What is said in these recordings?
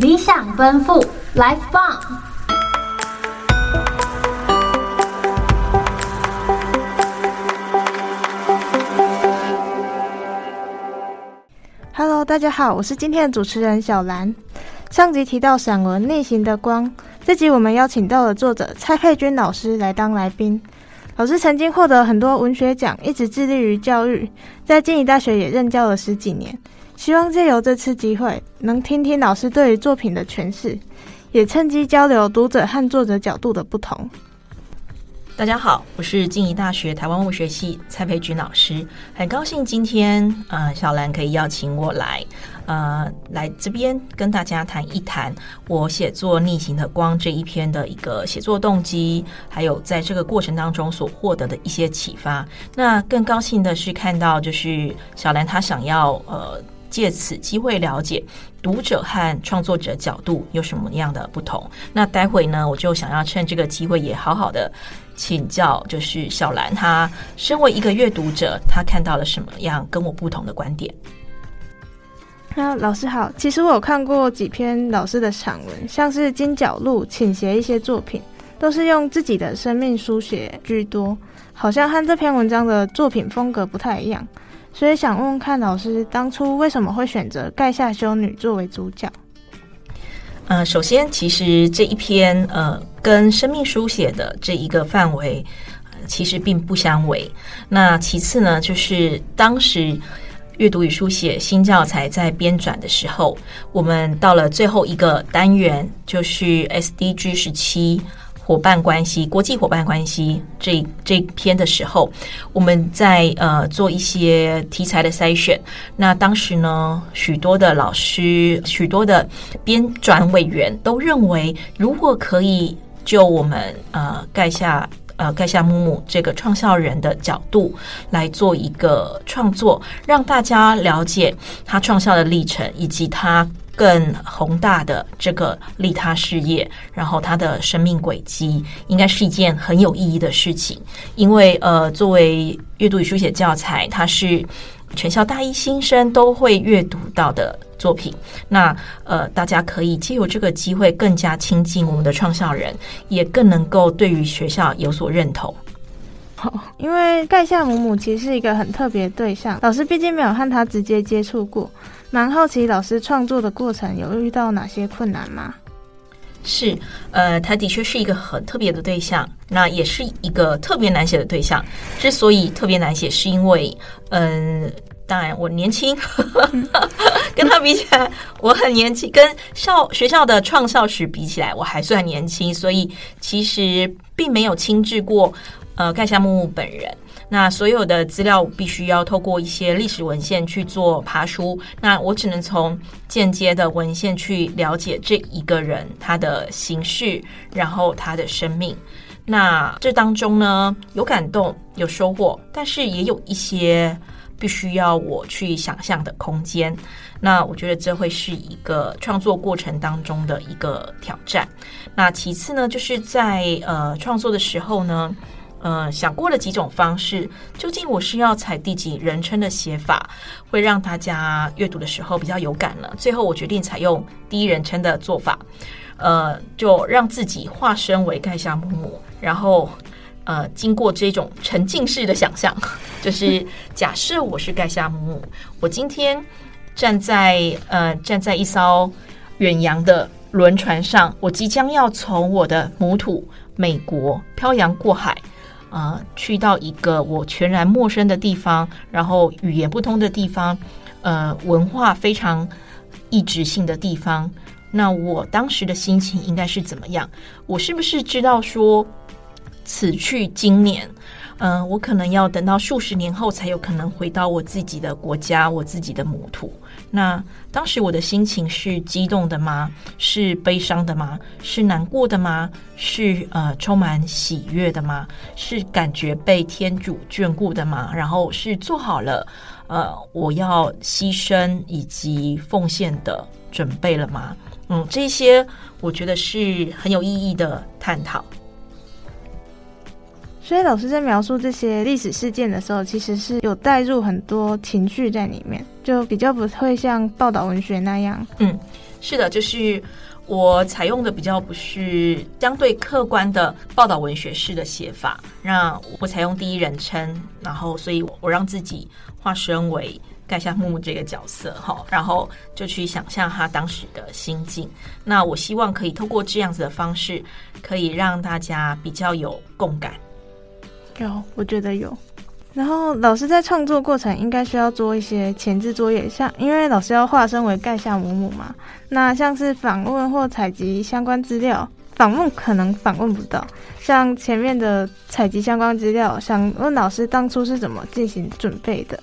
理想奔赴，Life Bomb。Hello，大家好，我是今天的主持人小藍。上集提到散文《逆行的光》，這集我們邀請到了作者蔡佩均老師來當來賓。老師曾經獲得很多文學獎，一直致力於教育，在靜宜大學也任教了十幾年。希望借由這次機會，能聽聽老師對於作品的詮釋，也趁機交流讀者和作者角度的不同。大家好，我是靜宜大學台灣文學系蔡佩均老師，很高興今天呃，小藍可以邀請我來呃來這邊跟大家談一談我寫作《逆行的光》這一篇的一個寫作動機，還有在這個過程當中所獲得的一些啟發。那更高興的是看到就是小藍她想要呃。借此機會了解讀者和創作者角度有什麼樣的不同。那待會呢，我就想要趁這個機會也好好的請教，就是小藍她身為一個閱讀者，她看到了什麼樣跟我不同的觀點？啊，老師好。其實我有看過幾篇老師的散文，像是《金角鹿》、《傾斜》一些作品，都是用自己的生命書寫居多，好像和這篇文章的作品風格不太一樣。所以想問問看，老師當初為什麼會選擇蓋夏修女作為主角？呃，首先，其實這一篇呃跟生命書寫的這一個範圍、呃、其實並不相違。那其次呢，就是當時閱讀與書寫新教材在編纂的時候，我們到了最後一個單元，就是 SDG 17夥伴關係、國際夥伴關係這這篇的時候，我們在呃做一些題材的篩選。那當時呢，許多的老師、許多的編纂委員都認為，如果可以就我們呃蓋夏呃蓋夏姆姆這個創校人的角度來做一個創作，讓大家了解他創校的歷程以及他。更宏大的這個利他事業，然後他的生命軌跡，應該是一件很有意義的事情。因為呃，作為閱讀與書寫教材，它是全校大一新生都會閱讀到的作品。那呃，大家可以借由這個機會，更加親近我們的創校人，也更能夠對於學校有所認同。因為蓋夏姆姆其實是一個很特別的對象，老師畢竟沒有和他直接接觸過，蠻好奇老師創作的過程有遇到哪些困難嗎？是，呃，他的確是一個很特別的對象，那也是一個特別難寫的對象。之所以特別難寫，是因為，嗯、呃，當然我年輕，呵呵跟他比起來，我很年輕，跟校學校的創校史比起來，我還算年輕，所以其實並沒有親炙過。呃，蓋夏姆姆本人，那所有的資料必須要透過一些歷史文獻去做爬梳。那我只能從間接的文獻去了解這一個人，他的形式，然後他的生命。那這當中呢，有感動，有收穫，但是也有一些必須要我去想象的空間。那我覺得這會是一個創作過程當中的一個挑戰。那其次呢，就是在呃創作的時候呢。呃，想過了幾種方式，究竟我是要採第幾人稱的寫法，會讓大家閱讀的時候比較有感呢？最後我決定採用第一人稱的做法，呃，就讓自己化身為蓋夏姆姆，然後呃，經過這種沉浸式的想象，就是假設我是蓋夏姆姆， 我今天站在呃站在一艘遠洋的輪船上，我即將要從我的母土美國漂洋過海。啊、呃，去到一個我全然陌生的地方，然後語言不通的地方，呃，文化非常異質性的地方，那我當時的心情應該是怎麼樣？我是不是知道說此去經年？嗯、呃，我可能要等到數十年後才有可能回到我自己的國家、我自己的母土。那當時我的心情是激動的嗎？是悲傷的嗎？是難過的嗎？是呃充滿喜悅的嗎？是感覺被天主眷顧的嗎？然後是做好了呃我要犧牲以及奉獻的準備了嗎？嗯，這些我覺得是很有意義的探討。所以老師在描述這些歷史事件的時候，其實是有帶入很多情緒在裡面，就比較不會像報道文學那樣。嗯，是的，就是我採用的比較不是相對客觀的報道文學式的寫法。那我採用第一人稱，然後所以我我讓自己化身為蓋夏姆姆這個角色哈，然後就去想象他當時的心境。那我希望可以透過這樣子的方式，可以讓大家比較有共感。有，我覺得有。然後老師在創作過程，應該需要做一些前置作業，像因為老師要化身為蓋夏姆姆嘛，那像是訪問或採集相關資料，訪問可能訪問不到，像前面的採集相關資料，想問老師當初是怎麼進行準備的？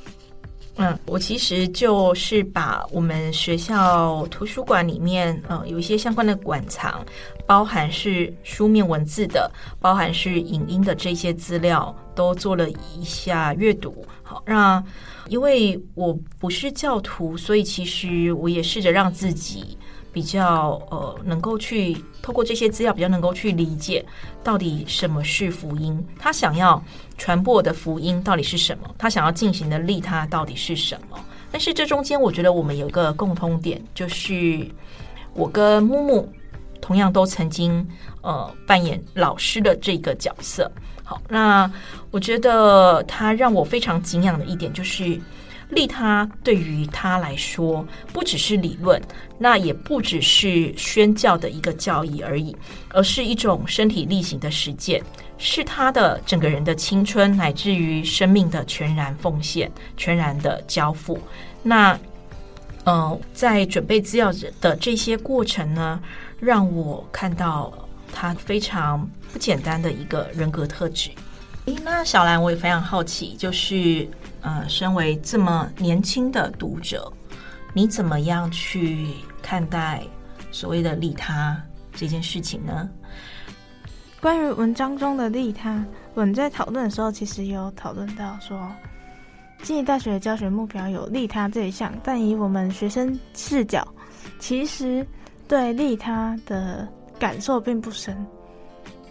嗯，我其實就是把我們學校圖書館裡面，呃、嗯，有一些相關的館藏，包含是書面文字的，包含是影音的這些資料，都做了一下閱讀。好，那、嗯、因為我不是教徒，所以其實我也試着讓自己。比較呃，能夠去透過這些資料，比較能夠去理解到底什麼是福音。他想要傳播的福音到底是什麼？他想要進行的利他到底是什麼？但是這中間，我覺得我們有一個共通點，就是我跟木木同樣都曾經呃扮演老師的這個角色。好，那我覺得他讓我非常敬仰的一點就是。利他對於他來說不只是理論，那也不只是宣教的一個教義而已，而是一種身體力行的實踐，是他的整個人的青春乃至於生命的全然奉獻、全然的交付。那，呃，在準備資料的這些過程呢，讓我看到他非常不簡單的一個人格特質。誒，那小藍我也非常好奇，就是。呃，身為這麼年輕的讀者，你怎麼樣去看待所謂的利他這件事情呢？關於文章中的利他，我們在討論的時候其實有討論到說，靜宜大學的教學目標有利他這一項，但以我們學生視角，其實對利他的感受並不深。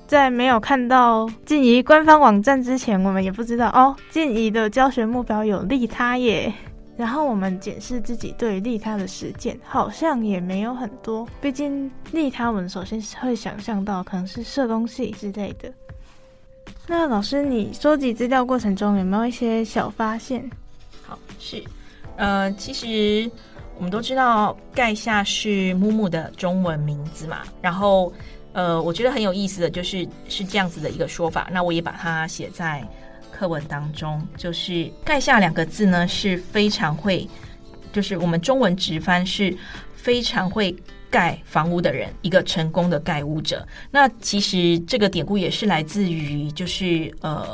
在沒有看到靜宜官方網站之前，我們也不知道哦。靜宜的教學目標有利他耶，然後我們檢視自己對利他的實踐，好像也沒有很多。畢竟利他，我們首先會想象到可能是射東西之類的。那老師，你收集資料過程中有沒有一些小發現？好，是，呃，其實我們都知道蓋夏是姆姆的中文名字嘛，然後。呃，我覺得很有意思的就是是這樣子的一個說法，那我也把它寫在課文當中。就是蓋夏兩個字呢，是非常會，就是我們中文直翻是非常會蓋房屋的人，一個成功的蓋屋者。那其實這個典故也是來自於，就是呃，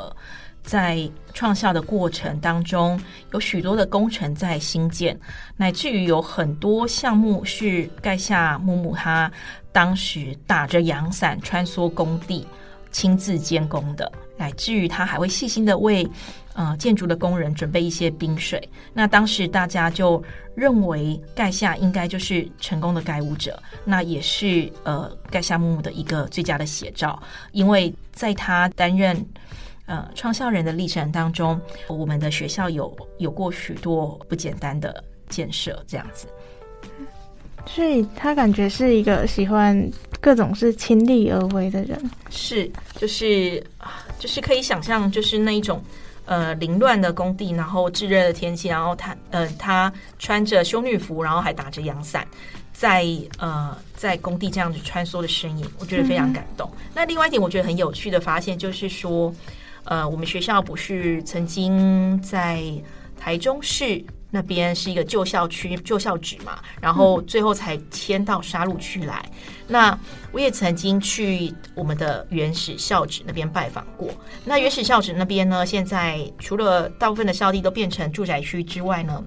在創校的過程當中，有許多的工程在新建，乃至於有很多項目是蓋夏姆姆他，當時打着陽傘穿梭工地，親自監工的，乃至於他還會細心的為，呃，建築的工人準備一些冰水。那當時大家就認為蓋夏應該就是成功的蓋屋者，那也是呃蓋夏姆姆的一個最佳的寫照，因為在他擔任呃創校人的歷程當中，我們的學校有有過許多不簡單的建設，這樣子。所以他感覺是一個喜歡各種是親力而為的人，是就是就是可以想象，就是那一種呃凌亂的工地，然後炙熱的天氣，然後他呃他穿着修女服，然後還打着陽傘，在呃在工地這樣子穿梭的身影，我覺得非常感動。嗯。那另外一點，我覺得很有趣的發現就是說，呃，我們學校不是曾經在台中市。那邊是一個舊校區、舊校址嘛，然後最後才遷到沙鹿區來。嗯、那我也曾經去我們的原始校址那邊拜訪過。那原始校址那邊呢，現在除了大部分的校地都變成住宅區之外呢，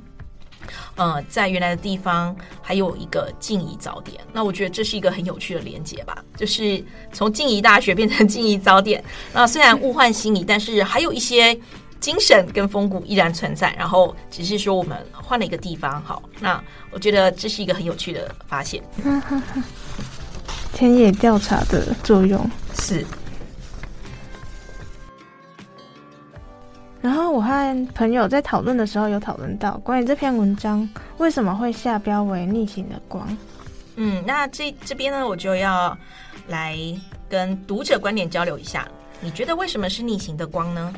呃，在原來的地方還有一個靜宜早點。那我覺得這是一個很有趣的連結吧，就是從靜宜大學變成靜宜早點。那雖然物換星移，是但是還有一些。精神跟風骨依然存在，然後只是說我們換了一個地方。好，那我覺得這是一個很有趣的發現。田野調查的作用是。然後我和朋友在討論的時候，有討論到關於這篇文章為什麼會下標為“逆行的光”。嗯，那這這邊呢，我就要來跟讀者觀點交流一下。你覺得為什麼是“逆行的光”呢？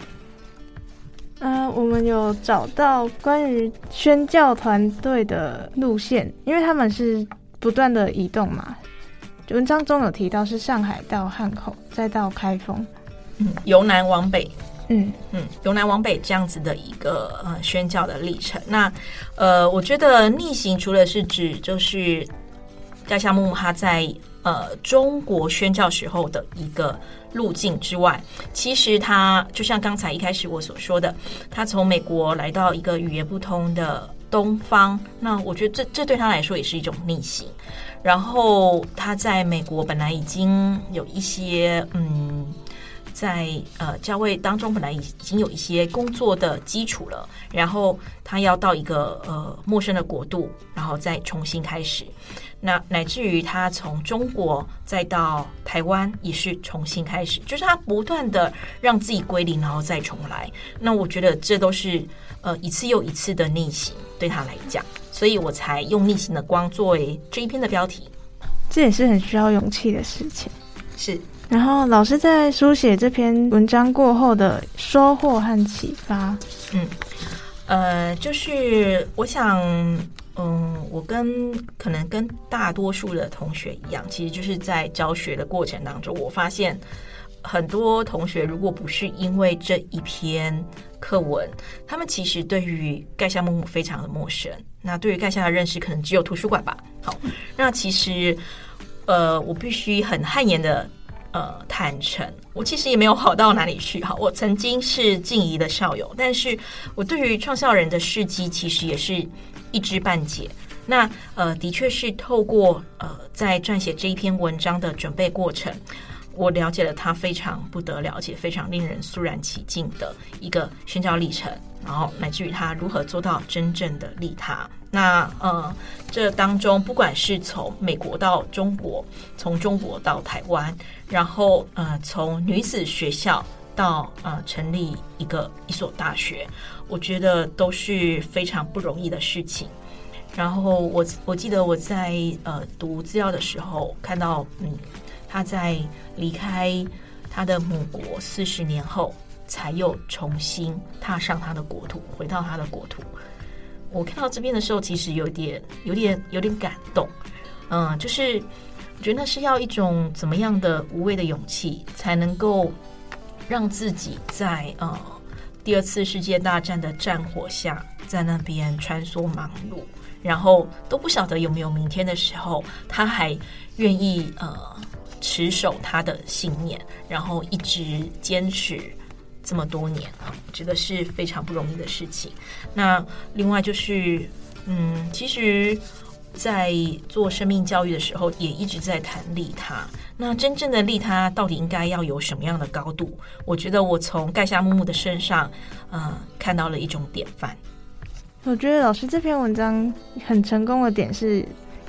嗯，uh, 我們有找到關於宣教團隊的路線，因為他們是不斷的移動嘛。文章中有提到是上海到漢口，再到開封，嗯，由南往北，嗯嗯，由南往北這樣子的一個、呃、宣教的歷程。那呃，我覺得逆行除了是指就是蓋夏姆姆她在呃中國宣教時候的一個。路徑之外，其實他就像剛才一開始我所說的，他從美國來到一個語言不通的東方，那我覺得這這對他來說也是一種逆行。然後他在美國本來已經有一些嗯，在呃教會當中本來已經有一些工作的基礎了，然後他要到一個呃陌生的國度，然後再重新開始。那乃至於他從中國再到台灣也是重新開始，就是他不斷的讓自己歸零，然後再重來。那我覺得這都是呃一次又一次的逆行對他來講，所以我才用“逆行的光”作為這一篇的標題。這也是很需要勇氣的事情。是。然後老師在書寫這篇文章過後的收穫和啟發，嗯，呃，就是我想。嗯，我跟可能跟大多數的同學一樣，其實就是在教學的過程當中，我發現很多同學如果不是因為這一篇課文，他們其實對於蓋夏嬤嬤非常的陌生。那對於蓋夏的認識，可能只有圖書館吧。好，那其實，呃，我必須很汗顏的，呃，坦誠，我其實也沒有好到哪裡去哈。我曾經是靜宜的校友，但是我對於創校人的事蹟其實也是一知半解。那呃，的確是透過呃，在撰寫這一篇文章的準備過程，我了解了他非常不得了解，非常令人肅然起敬的一個宣教歷程，然後乃至於他如何做到真正的利他。那呃，這當中不管是從美國到中國，從中國到台灣，然後呃，從女子學校到呃，成立一個一所大學，我覺得都是非常不容易的事情。然後我我記得我在呃讀資料的時候看到，嗯，他在離開他的母國四十年後，才又重新踏上他的國土，回到他的國土。我看到這邊的時候，其實有點、有點、有點感動。嗯、呃，就是我覺得那是要一種怎麼樣的無畏的勇氣，才能夠讓自己在呃第二次世界大戰的戰火下，在那邊穿梭忙碌，然後都不曉得有沒有明天的時候，他還願意呃持守他的信念，然後一直堅持。這麼多年啊，我覺得是非常不容易的事情。那另外就是，嗯，其實，在做生命教育的時候，也一直在談利他。那真正的利他到底應該要有什麼樣的高度？我覺得我從蓋夏姆姆的身上，啊、嗯，看到了一種典範。我覺得老師這篇文章很成功的點是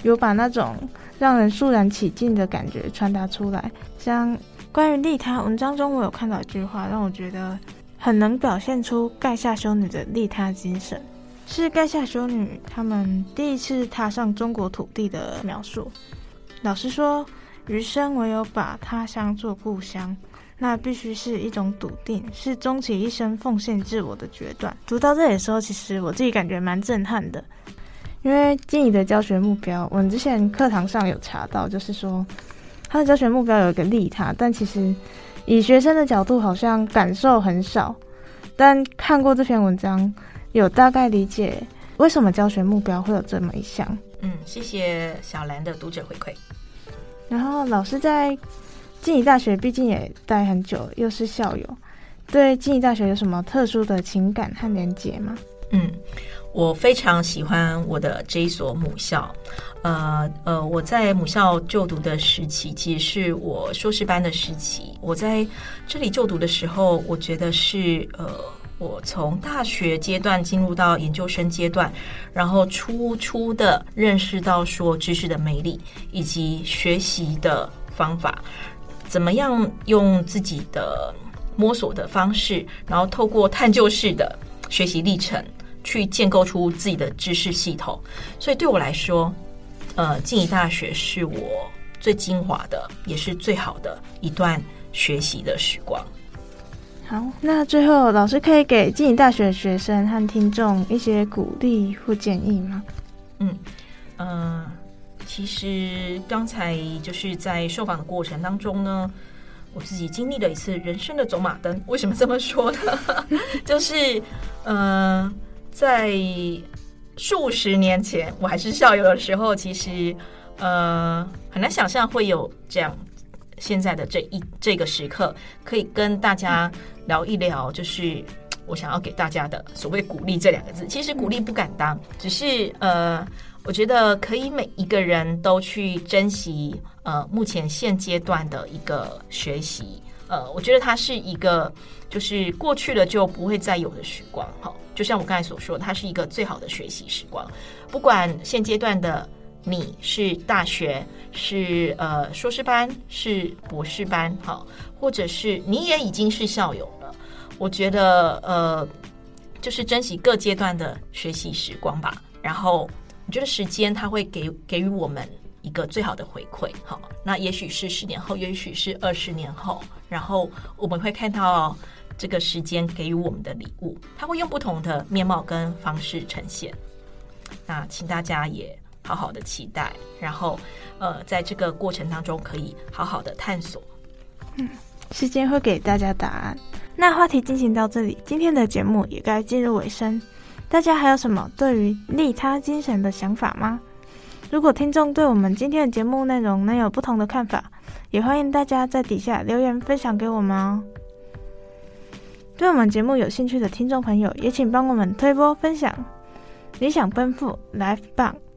有把那種讓人肅然起敬的感覺傳達出來，像。關於利他，文章中我有看到一句話，讓我覺得很能表現出蓋夏修女的利他精神，是蓋夏修女她們第一次踏上中國土地的描述。老實說，餘生唯有把他鄉做故鄉，那必須是一種篤定，是終其一生奉獻自我的決斷。讀到這裡的時候，其實我自己感覺蠻震撼的，因為靜宜的教學目標，我們之前課堂上有查到，就是說。他的教學目標有一個利他，但其實以學生的角度好像感受很少。但看過這篇文章，有大概理解為什麼教學目標會有這麼一項。嗯，謝謝小藍的讀者回饋。然後老師在靜宜大學畢竟也待很久，又是校友，對靜宜大學有什麼特殊的情感和連接嗎？嗯。我非常喜歡我的這一所母校，呃呃，我在母校就讀的時期，其實是我碩士班的時期。我在這裡就讀的時候，我覺得是呃，我從大學階段進入到研究生階段，然後初初的認識到說知識的魅力以及學習的方法，怎麼樣用自己的摸索的方式，然後透過探究式的學習歷程。去建構出自己的知識系統，所以對我來說，呃，靜宜大學是我最精華的，也是最好的一段學習的時光。好，那最後老師可以給靜宜大學的學生和聽眾一些鼓勵或建議嗎？嗯，呃，其實剛才就是在受訪的過程當中呢，我自己經歷了一次人生的走馬燈。為什麼這麼說呢？ 就是嗯。呃在數十年前，我還是校友的時候，其實呃很難想象會有這樣現在的這一這個時刻，可以跟大家聊一聊，就是我想要給大家的所謂鼓勵這兩個字，其實鼓勵不敢當，只是呃，我覺得可以每一個人都去珍惜呃目前現階段的一個學習。呃，我覺得它是一個，就是過去了就不會再有的時光，哈，就像我剛才所說，它是一個最好的學習時光。不管現階段的你是大學，是呃碩士班，是博士班，哈，或者是你也已經是校友了，我覺得呃，就是珍惜各階段的學習時光吧。然後，我覺得時間它會給給予我們。一個最好的回饋，好，那也許是十年後，也許是二十年後，然後我們會看到這個時間給予我們的禮物，它會用不同的面貌跟方式呈現。那請大家也好好的期待，然後呃，在這個過程當中可以好好的探索。嗯，時間會給大家答案。那話題進行到這裡，今天的節目也該進入尾聲。大家還有什麼對於利他精神的想法嗎？如果聽眾對我們今天的節目內容能有不同的看法，也歡迎大家在底下留言分享給我們哦。對我們節目有興趣的聽眾朋友，也請幫我們推播分享，理想奔赴，life bank。